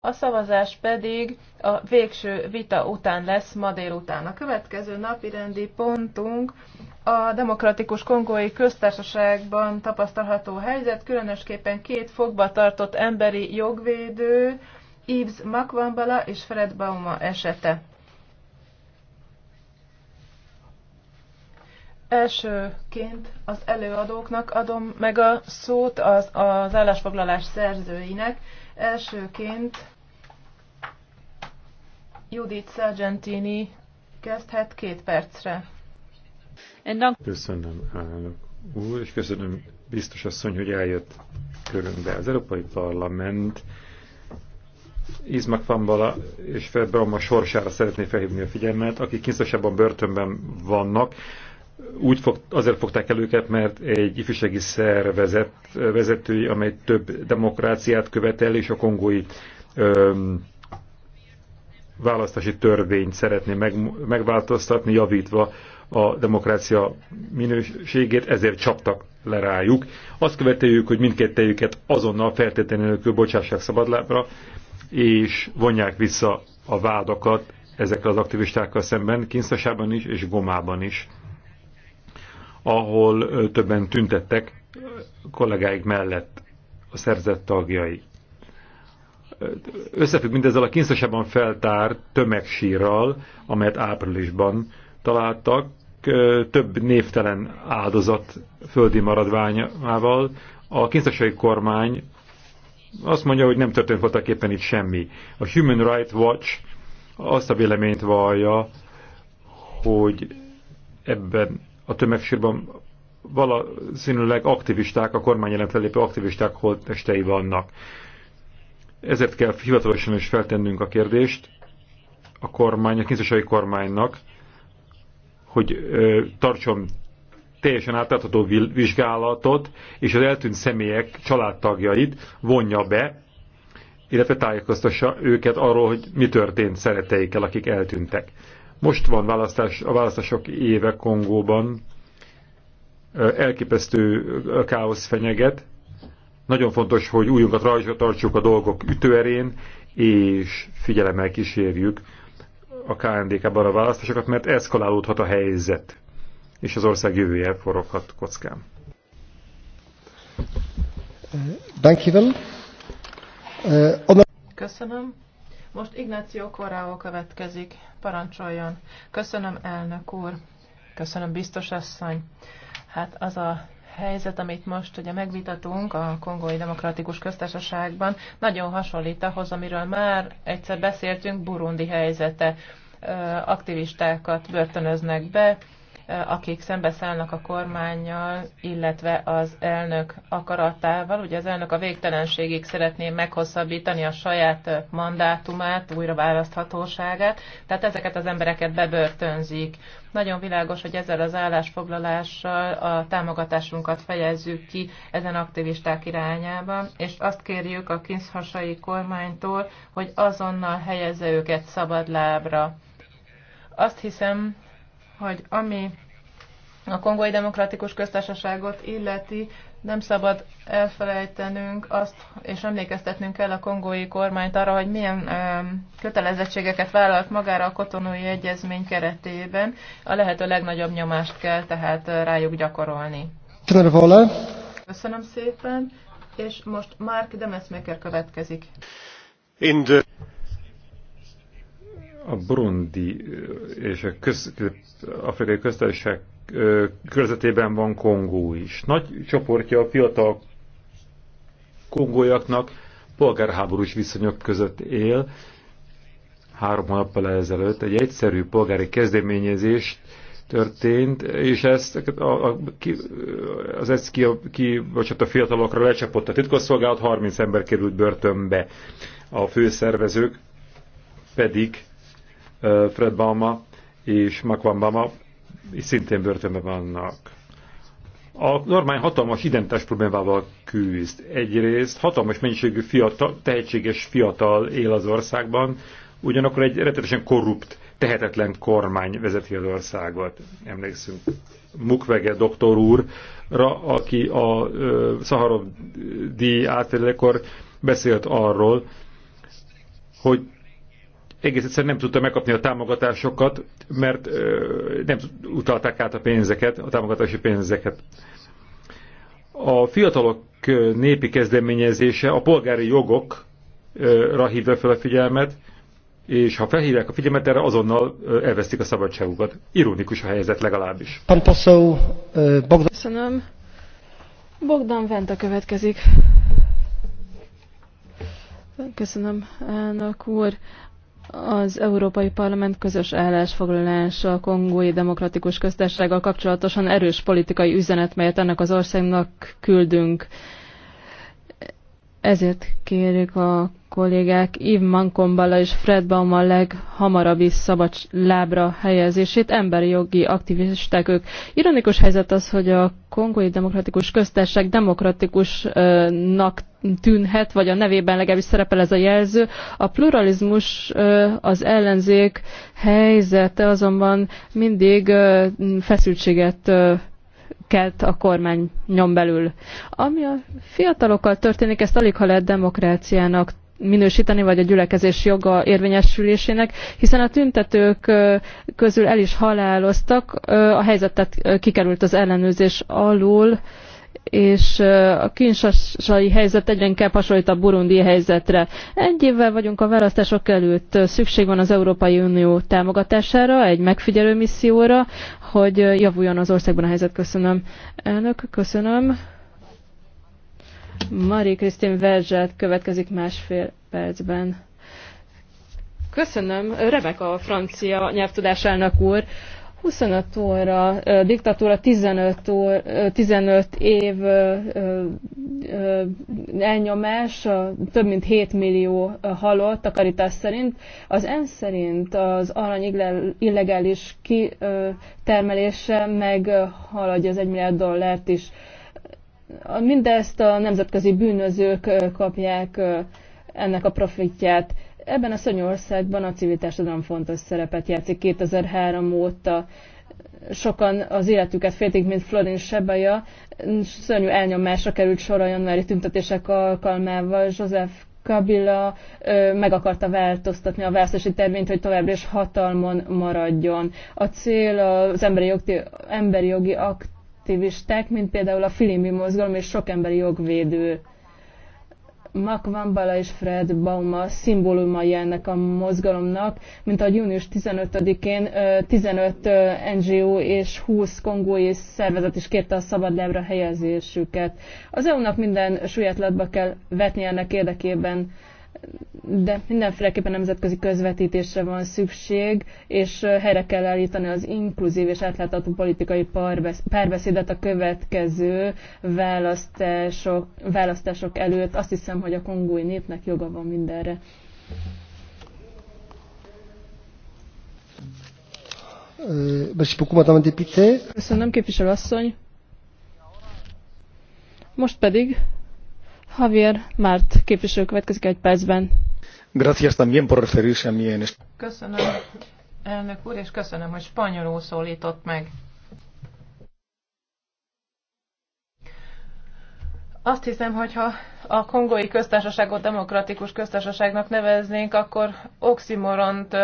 A szavazás pedig a végső vita után lesz ma délután. A következő napi rendi pontunk a Demokratikus Kongói Köztársaságban tapasztalható helyzet, különösképpen két fogba tartott emberi jogvédő, Yves Makwambala és Fred Bauma esete. Elsőként az előadóknak adom meg a szót az, az állásfoglalás szerzőinek, Elsőként Judith Sargentini kezdhet két percre. Köszönöm, állok úr, és köszönöm biztos asszony, hogy eljött körünkbe. Az Európai Parlament Izmak Fambala és Fed a sorsára szeretné felhívni a figyelmet, akik kínzosabban börtönben vannak, úgy fog, azért fogták el őket, mert egy ifjúsági szervezet vezetői, amely több demokráciát követel, és a kongói öm, választási törvényt szeretné meg, megváltoztatni, javítva a demokrácia minőségét, ezért csaptak le rájuk. Azt követeljük, hogy mindkettőjüket azonnal feltétlenül bocsássák szabadlábra, és vonják vissza a vádakat ezekkel az aktivistákkal szemben, Kinszasában is és Gomában is ahol többen tüntettek kollégáik mellett a szerzett tagjai. Összefügg mindezzel a kínszosabban feltárt tömegsírral, amelyet áprilisban találtak, több névtelen áldozat földi maradványával. A kínszosai kormány azt mondja, hogy nem történt voltak éppen itt semmi. A Human Rights Watch azt a véleményt vallja, hogy ebben a tömegsírban valószínűleg aktivisták, a kormány jelent lelépő aktivisták holttestei vannak. Ezért kell hivatalosan is feltennünk a kérdést a kormány, a kínzesai kormánynak, hogy ö, tartson teljesen átlátható vizsgálatot, és az eltűnt személyek családtagjait vonja be, illetve tájékoztassa őket arról, hogy mi történt szereteikkel, akik eltűntek. Most van választás, a választások éve Kongóban, elképesztő káosz fenyeget. Nagyon fontos, hogy újunkat rajzsra tartsuk a dolgok ütőerén, és figyelemmel kísérjük a KNDK-ban a választásokat, mert eszkalálódhat a helyzet, és az ország jövője foroghat kockán. Köszönöm. Most Ignáció Korráó következik. Parancsoljon. Köszönöm, elnök úr. Köszönöm, biztos asszony. Hát az a helyzet, amit most ugye megvitatunk a Kongói Demokratikus Köztársaságban, nagyon hasonlít ahhoz, amiről már egyszer beszéltünk, Burundi helyzete. Aktivistákat börtönöznek be, akik szembeszállnak a kormányjal, illetve az elnök akaratával. Ugye az elnök a végtelenségig szeretné meghosszabbítani a saját mandátumát, újra választhatóságát, tehát ezeket az embereket bebörtönzik. Nagyon világos, hogy ezzel az állásfoglalással a támogatásunkat fejezzük ki ezen aktivisták irányában, és azt kérjük a kinszhasai kormánytól, hogy azonnal helyezze őket szabadlábra. Azt hiszem, hogy ami a Kongói Demokratikus Köztársaságot illeti, nem szabad elfelejtenünk azt, és emlékeztetnünk kell a kongói kormányt arra, hogy milyen kötelezettségeket vállalt magára a kotonói egyezmény keretében. A lehető legnagyobb nyomást kell tehát rájuk gyakorolni. Köszönöm szépen, és most Mark Demesmaker következik. In the a Burundi és a köz, afrikai köztársaság körzetében van Kongó is. Nagy csoportja a fiatal kongójaknak polgárháborús viszonyok között él. Három hónappal ezelőtt egy egyszerű polgári kezdeményezés történt, és ezt a, a, ki, az ezt ki, ki vagy a fiatalokra lecsapott a titkosszolgálat, 30 ember került börtönbe. A főszervezők pedig Fred Balma és Makwan Bama és szintén börtönben vannak. A normány hatalmas identitás problémával küzd. Egyrészt hatalmas mennyiségű fiatal, tehetséges fiatal él az országban, ugyanakkor egy rettetesen korrupt, tehetetlen kormány vezeti az országot. Emlékszünk Mukwege doktor úrra, aki a ö, Szaharov díj átvételekor beszélt arról, hogy egész egyszerűen nem tudta megkapni a támogatásokat, mert nem utalták át a pénzeket, a támogatási pénzeket. A fiatalok népi kezdeményezése a polgári jogokra hívja fel a figyelmet, és ha felhívják a figyelmet erre, azonnal elvesztik a szabadságukat. Ironikus a helyzet legalábbis. E, Köszönöm. Bogdan Venta következik. Köszönöm, elnök úr az Európai Parlament közös állásfoglalása a kongói demokratikus köztársággal kapcsolatosan erős politikai üzenet, melyet ennek az országnak küldünk. Ezért kérjük a kollégák Yves Mankombala és Fred Bauma leghamarabbi szabad lábra helyezését. Emberi jogi aktivisták ők. Ironikus helyzet az, hogy a kongói demokratikus köztársaság demokratikusnak tűnhet, vagy a nevében legalábbis szerepel ez a jelző. A pluralizmus az ellenzék helyzete azonban mindig feszültséget kelt a kormány nyom belül. Ami a fiatalokkal történik, ezt alig ha lehet demokráciának minősíteni, vagy a gyülekezés joga érvényesülésének, hiszen a tüntetők közül el is haláloztak, a helyzetet kikerült az ellenőrzés alól, és a kinsasai helyzet egyre inkább hasonlít a burundi helyzetre. Egy évvel vagyunk a választások előtt, szükség van az Európai Unió támogatására, egy megfigyelő misszióra, hogy javuljon az országban a helyzet. Köszönöm. Elnök, köszönöm. Mari Krisztin Verzsát következik másfél percben. Köszönöm, remek a francia nyelvtudásának úr. 25 óra, diktatúra 15, óra, 15 év elnyomás, több mint 7 millió halott a karitás szerint. Az ENSZ szerint az arany illegális kitermelése meghaladja az 1 milliárd dollárt is. Mindezt a nemzetközi bűnözők kapják ennek a profitját. Ebben a szörnyországban a civil társadalom fontos szerepet játszik 2003 óta. Sokan az életüket féltik, mint Florin Sebaja. Szörnyű elnyomásra került sor a januári tüntetések alkalmával. Joseph Kabila meg akarta változtatni a választási tervényt, hogy továbbra is hatalmon maradjon. A cél az emberi, jogi emberi jogi akt aktivisták, mint például a Filimi Mozgalom és sok emberi jogvédő. Mark Van Bala és Fred Bauma szimbólumai ennek a mozgalomnak, mint a június 15-én 15 NGO és 20 kongói szervezet is kérte a szabad lábra helyezésüket. Az EU-nak minden súlyátlatba kell vetni ennek érdekében de mindenféleképpen nemzetközi közvetítésre van szükség, és helyre kell állítani az inkluzív és átlátható politikai párbeszédet a következő választások, választások előtt. Azt hiszem, hogy a kongói népnek joga van mindenre. Euh, Köszönöm, képviselő asszony. Most pedig Javier Mart, képviselő következik egy percben. Gracias también por referirse a mí en este. Köszönöm, elnök úr, és köszönöm, hogy spanyolul szólított meg. Azt hiszem, hogy ha a kongói köztársaságot demokratikus köztársaságnak neveznénk, akkor oximoront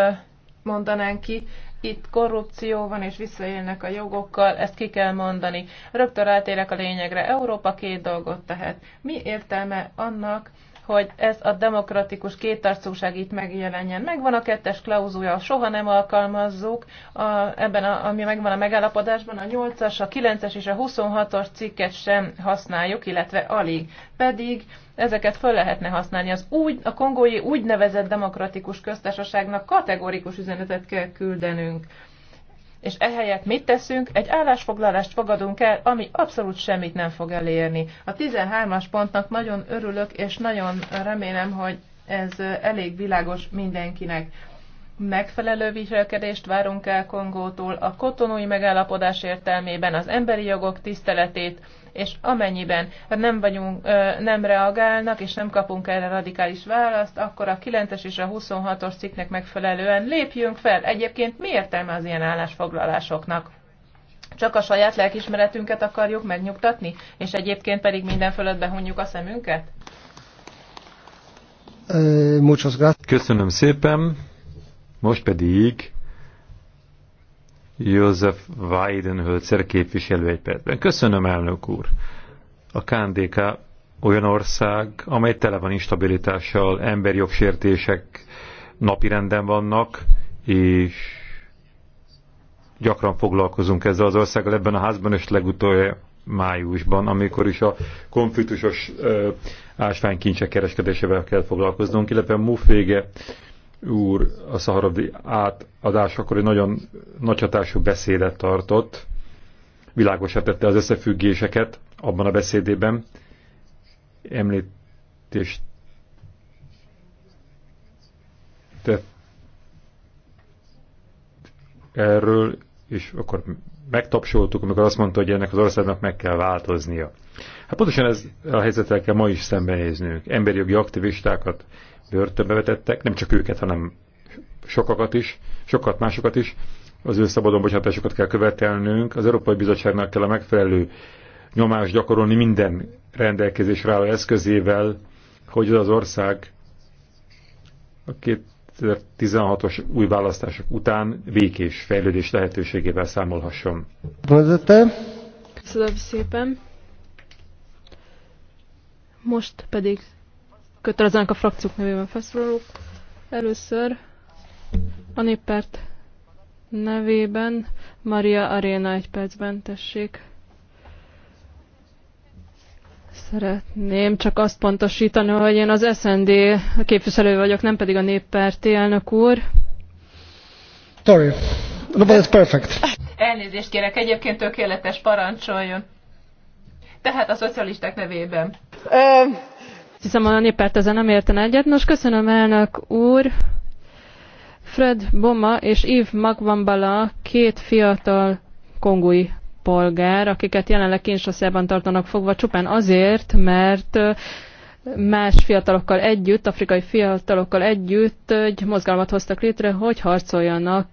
mondanánk ki, itt korrupció van és visszaélnek a jogokkal, ezt ki kell mondani. Rögtön rátérek a lényegre. Európa két dolgot tehet. Mi értelme annak, hogy ez a demokratikus kétarcúság itt megjelenjen. Megvan a kettes klauzúja, soha nem alkalmazzuk, a, ebben, a, ami megvan a megállapodásban, a 8-as, a 9-es és a 26 as cikket sem használjuk, illetve alig. Pedig ezeket föl lehetne használni. Az úgy, a kongói úgynevezett demokratikus köztársaságnak kategórikus üzenetet kell küldenünk és ehelyett mit teszünk? Egy állásfoglalást fogadunk el, ami abszolút semmit nem fog elérni. A 13-as pontnak nagyon örülök, és nagyon remélem, hogy ez elég világos mindenkinek. Megfelelő viselkedést várunk el Kongótól, a kotonói megállapodás értelmében az emberi jogok tiszteletét, és amennyiben nem, vagyunk, nem reagálnak, és nem kapunk erre radikális választ, akkor a 9-es és a 26-os cikknek megfelelően lépjünk fel. Egyébként mi értelme az ilyen állásfoglalásoknak? Csak a saját lelkismeretünket akarjuk megnyugtatni, és egyébként pedig minden fölött behunjuk a szemünket? Köszönöm szépen. Most pedig József Weidenhölzer képviselő egy percben. Köszönöm, elnök úr! A KNDK olyan ország, amely tele van instabilitással, emberi jogsértések napirenden vannak, és gyakran foglalkozunk ezzel az országgal ebben a házban, és legutolja májusban, amikor is a konfliktusos ásványkincsek kereskedésével kell foglalkoznunk, illetve MUF vége úr a szaharabdi akkor egy nagyon nagy hatású beszédet tartott, világosá tette az összefüggéseket abban a beszédében, említést tett erről, és akkor megtapsoltuk, amikor azt mondta, hogy ennek az országnak meg kell változnia. Hát pontosan ez a helyzetel kell ma is szembenéznünk. jogi aktivistákat börtönbe vetettek, nem csak őket, hanem sokakat is, sokat másokat is. Az ő szabadon bocsátásokat kell követelnünk, az Európai Bizottságnak kell a megfelelő nyomást gyakorolni minden rendelkezésre álló eszközével, hogy az ország a 2016-os új választások után békés fejlődés lehetőségével számolhasson. Köszönöm szépen! Most pedig kötelezenek a frakciók nevében felszólalók. Először a néppárt nevében Maria Arena egy percben tessék. Szeretném csak azt pontosítani, hogy én az SND képviselő vagyok, nem pedig a néppárti elnök úr. Sorry, no, but it's perfect. Elnézést kérek, egyébként tökéletes parancsoljon. Tehát a szocialisták nevében hiszem a néppárt ezzel nem értene egyet. Nos, köszönöm elnök úr. Fred Boma és Yves Magvambala két fiatal kongói polgár, akiket jelenleg Kinshasa-ban tartanak fogva csupán azért, mert más fiatalokkal együtt, afrikai fiatalokkal együtt egy mozgalmat hoztak létre, hogy harcoljanak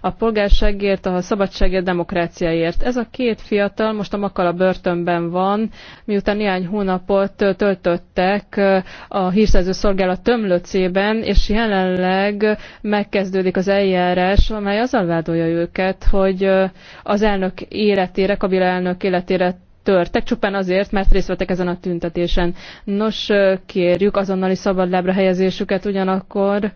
a polgárságért, a szabadságért, demokráciáért. Ez a két fiatal most a Makala börtönben van, miután néhány hónapot töltöttek a hírszerző szolgálat tömlöcében, és jelenleg megkezdődik az eljárás, amely azzal vádolja őket, hogy az elnök életére, Kabila elnök életére törtek, csupán azért, mert részt vettek ezen a tüntetésen. Nos, kérjük azonnali szabadlábra helyezésüket ugyanakkor.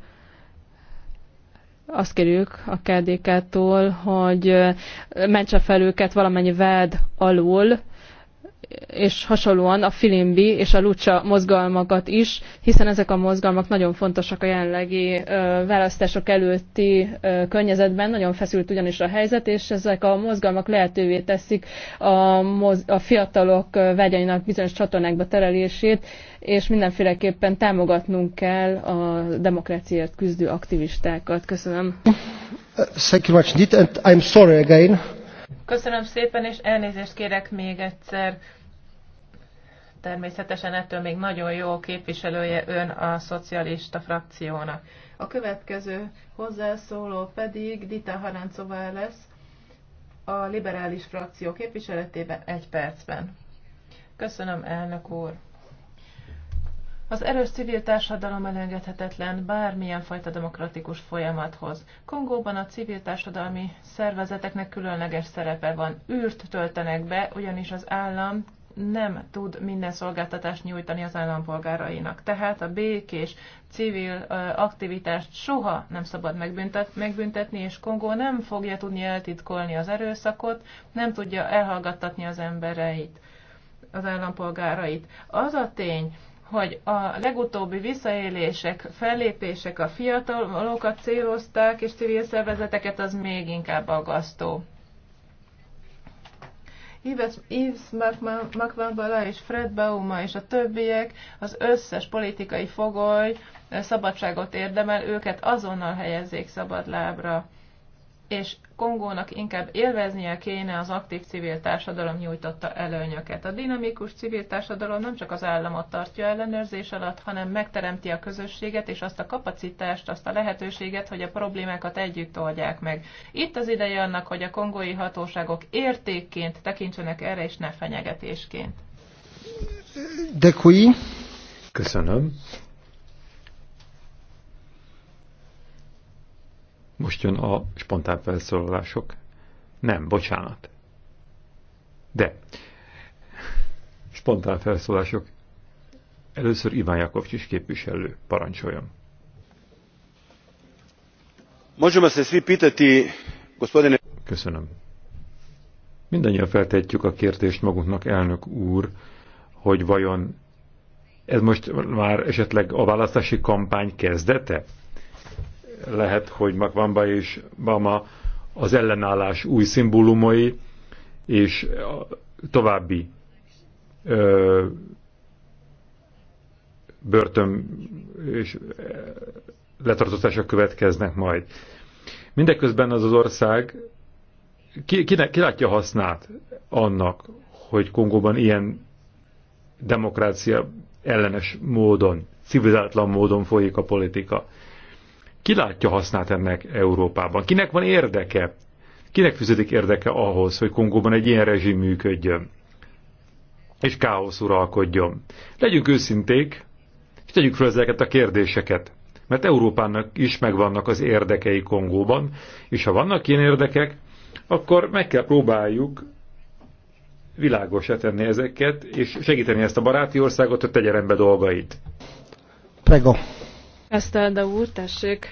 Azt kérjük a KDK-tól, hogy mentse fel őket valamennyi vád alól, és hasonlóan a Filimbi és a Lucsa mozgalmakat is, hiszen ezek a mozgalmak nagyon fontosak a jelenlegi választások előtti környezetben, nagyon feszült ugyanis a helyzet, és ezek a mozgalmak lehetővé teszik a, moz- a fiatalok vegyeinek bizonyos csatornákba terelését, és mindenféleképpen támogatnunk kell a demokráciát küzdő aktivistákat. Köszönöm. Thank you much, and I'm sorry again. Köszönöm szépen, és elnézést kérek még egyszer. Természetesen ettől még nagyon jó képviselője ön a szocialista frakciónak. A következő hozzászóló pedig Dita Harancová lesz a liberális frakció képviseletében egy percben. Köszönöm, elnök úr! Az erős civil társadalom elengedhetetlen bármilyen fajta demokratikus folyamathoz. Kongóban a civil társadalmi szervezeteknek különleges szerepe van. űrt töltenek be, ugyanis az állam nem tud minden szolgáltatást nyújtani az állampolgárainak. Tehát a békés civil aktivitást soha nem szabad megbüntet, megbüntetni, és Kongó nem fogja tudni eltitkolni az erőszakot, nem tudja elhallgattatni az embereit, az állampolgárait. Az a tény, hogy a legutóbbi visszaélések, fellépések a fiatalokat célozták, és civil szervezeteket, az még inkább aggasztó. Yves Makvambala és Fred Bauma és a többiek, az összes politikai fogoly szabadságot érdemel, őket azonnal helyezzék szabadlábra. És Kongónak inkább élveznie kéne az aktív civil társadalom nyújtotta előnyöket. A dinamikus civil társadalom nem csak az államot tartja ellenőrzés alatt, hanem megteremti a közösséget és azt a kapacitást, azt a lehetőséget, hogy a problémákat együtt oldják meg. Itt az ideje annak, hogy a kongói hatóságok értékként tekintsenek erre, és ne fenyegetésként. De kui? Köszönöm. Most jön a spontán felszólalások. Nem, bocsánat. De spontán felszólások. Először Iván is képviselő, parancsoljon. Možemo se svi pitati, gospodine... Köszönöm. Mindannyian feltetjük a kérdést magunknak, elnök úr, hogy vajon ez most már esetleg a választási kampány kezdete? lehet, hogy Makvamba és Bama az ellenállás új szimbólumai, és további ö, börtön és letartóztások következnek majd. Mindeközben az az ország ki, ki, ki látja hasznát annak, hogy Kongóban ilyen demokrácia ellenes módon, civilizátlan módon folyik a politika. Ki látja hasznát ennek Európában? Kinek van érdeke? Kinek fűződik érdeke ahhoz, hogy Kongóban egy ilyen rezsim működjön? És káosz uralkodjon? Legyünk őszinték, és tegyük fel ezeket a kérdéseket. Mert Európának is megvannak az érdekei Kongóban, és ha vannak ilyen érdekek, akkor meg kell próbáljuk világosra tenni ezeket, és segíteni ezt a baráti országot, hogy tegye rendbe dolgait. Prego. Esztelda úr, tessék.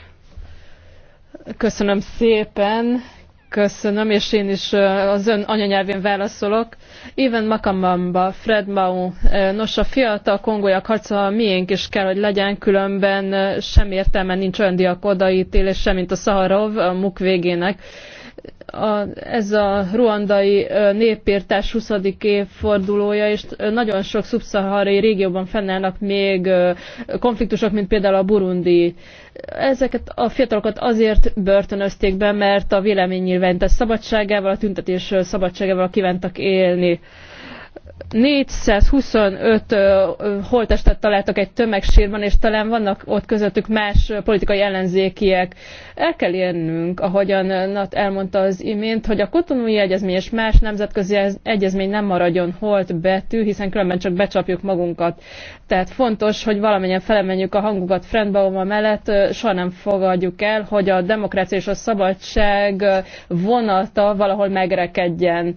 Köszönöm szépen. Köszönöm, és én is az ön anyanyelvén válaszolok. Éven Makamamba, Fred Mau, nos a fiatal kongolyak harca miénk is kell, hogy legyen, különben sem értelme nincs olyan diak sem mint a Szaharov a muk végének a, ez a ruandai népírtás 20. évfordulója, és nagyon sok szubszaharai régióban fennállnak még konfliktusok, mint például a burundi. Ezeket a fiatalokat azért börtönözték be, mert a véleménynyilvánítás szabadságával, a tüntetés szabadságával kívántak élni. 425 holttestet találtak egy tömegsírban, és talán vannak ott közöttük más politikai ellenzékiek. El kell érnünk, ahogyan Nat elmondta az imént, hogy a kotonúi egyezmény és más nemzetközi egyezmény nem maradjon holt betű, hiszen különben csak becsapjuk magunkat. Tehát fontos, hogy valamennyien felemenjük a hangukat a mellett, soha nem fogadjuk el, hogy a demokrácia és a szabadság vonata valahol megrekedjen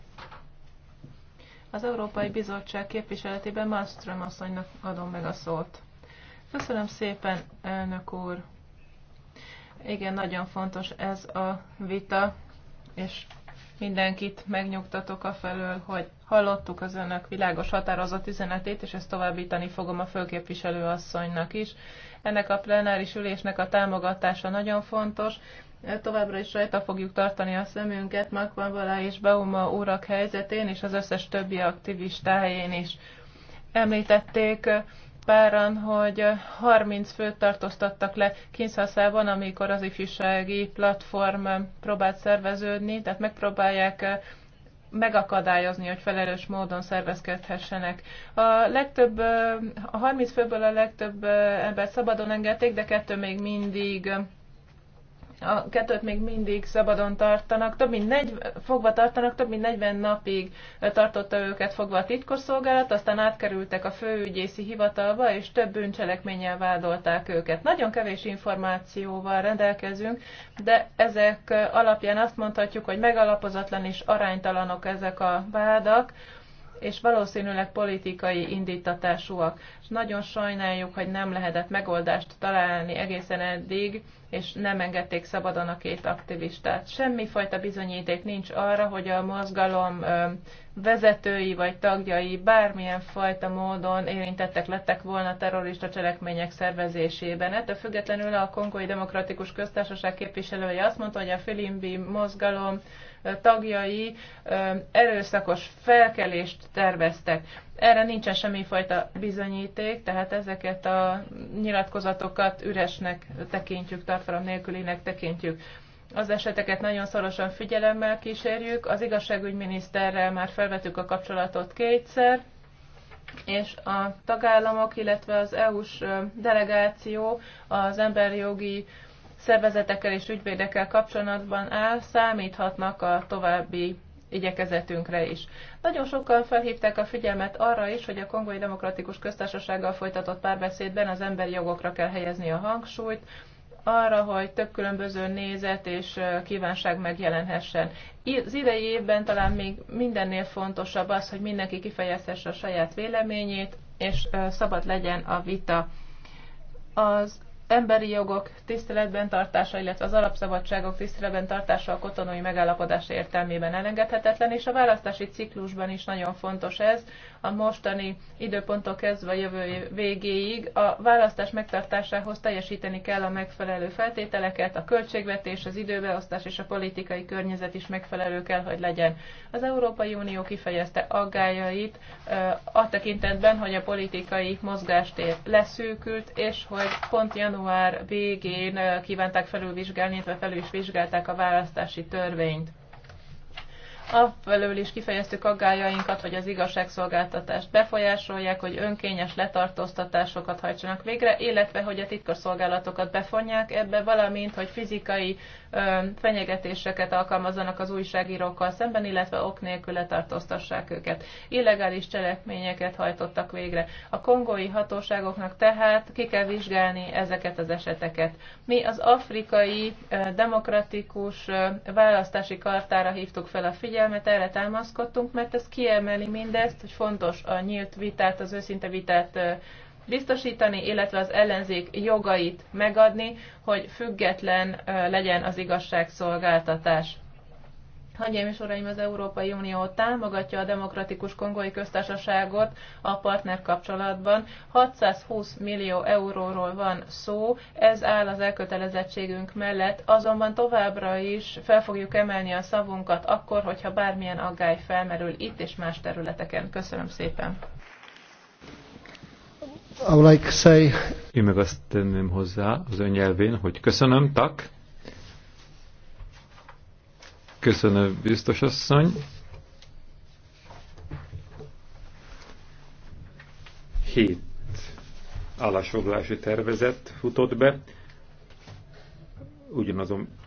az Európai Bizottság képviseletében Malmström asszonynak adom meg a szót. Köszönöm szépen, elnök úr. Igen, nagyon fontos ez a vita, és mindenkit megnyugtatok afelől, hogy hallottuk az önök világos határozott üzenetét, és ezt továbbítani fogom a főképviselő asszonynak is. Ennek a plenáris ülésnek a támogatása nagyon fontos, Továbbra is rajta fogjuk tartani a szemünket Makvanvala és Bauma urak helyzetén és az összes többi aktivistájén is. Említették páran, hogy 30 főt tartóztattak le Kinshaszában, amikor az ifjúsági platform próbált szerveződni, tehát megpróbálják eh, megakadályozni, hogy felelős módon szervezkedhessenek. A legtöbb, eh, a 30 főből a legtöbb eh, embert szabadon engedték, de kettő még mindig a kettőt még mindig szabadon tartanak, több mint 40, fogva tartanak, több mint 40 napig tartotta őket fogva a titkosszolgálat, aztán átkerültek a főügyészi hivatalba, és több bűncselekménnyel vádolták őket. Nagyon kevés információval rendelkezünk, de ezek alapján azt mondhatjuk, hogy megalapozatlan és aránytalanok ezek a vádak, és valószínűleg politikai indítatásúak. És nagyon sajnáljuk, hogy nem lehetett megoldást találni egészen eddig és nem engedték szabadon a két aktivistát. Semmifajta bizonyíték nincs arra, hogy a mozgalom vezetői vagy tagjai bármilyen fajta módon érintettek lettek volna terrorista cselekmények szervezésében. Ettől függetlenül a Kongói Demokratikus Köztársaság képviselője azt mondta, hogy a Filimbi mozgalom tagjai erőszakos felkelést terveztek. Erre nincsen semmifajta bizonyíték, tehát ezeket a nyilatkozatokat üresnek tekintjük, tartalom nélkülinek tekintjük. Az eseteket nagyon szorosan figyelemmel kísérjük. Az igazságügyminiszterrel már felvetük a kapcsolatot kétszer, és a tagállamok, illetve az EU-s delegáció az jogi szervezetekkel és ügyvédekkel kapcsolatban áll, számíthatnak a további igyekezetünkre is. Nagyon sokan felhívták a figyelmet arra is, hogy a Kongói Demokratikus Köztársasággal folytatott párbeszédben az emberi jogokra kell helyezni a hangsúlyt, arra, hogy több különböző nézet és kívánság megjelenhessen. Az idei évben talán még mindennél fontosabb az, hogy mindenki kifejezhesse a saját véleményét, és szabad legyen a vita. Az emberi jogok tiszteletben tartása, illetve az alapszabadságok tiszteletben tartása a kotonói megállapodás értelmében elengedhetetlen, és a választási ciklusban is nagyon fontos ez, a mostani időponttól kezdve a jövő végéig a választás megtartásához teljesíteni kell a megfelelő feltételeket, a költségvetés, az időbeosztás és a politikai környezet is megfelelő kell, hogy legyen. Az Európai Unió kifejezte aggájait a tekintetben, hogy a politikai mozgástér leszűkült, és hogy pont január végén kívánták felülvizsgálni, illetve felül is vizsgálták a választási törvényt. Afelől is kifejeztük aggájainkat, hogy az igazságszolgáltatást befolyásolják, hogy önkényes letartóztatásokat hajtsanak végre, illetve hogy a titkosszolgálatokat befonják ebbe, valamint, hogy fizikai ö, fenyegetéseket alkalmazzanak az újságírókkal szemben, illetve ok nélkül letartóztassák őket. Illegális cselekményeket hajtottak végre. A kongói hatóságoknak tehát ki kell vizsgálni ezeket az eseteket. Mi az afrikai ö, demokratikus ö, választási kartára hívtuk fel a figyelmet, figyelmet, erre támaszkodtunk, mert ez kiemeli mindezt, hogy fontos a nyílt vitát, az őszinte vitát biztosítani, illetve az ellenzék jogait megadni, hogy független legyen az igazságszolgáltatás. Hölgyeim és Uraim, az Európai Unió támogatja a Demokratikus Kongói Köztársaságot a partner kapcsolatban. 620 millió euróról van szó, ez áll az elkötelezettségünk mellett, azonban továbbra is fel fogjuk emelni a szavunkat akkor, hogyha bármilyen aggály felmerül itt és más területeken. Köszönöm szépen! like Én meg azt tenném hozzá az önnyelvén, hogy köszönöm, tak, Köszönöm, biztos asszony. Hét állásfoglalási tervezet futott be, ugyanazon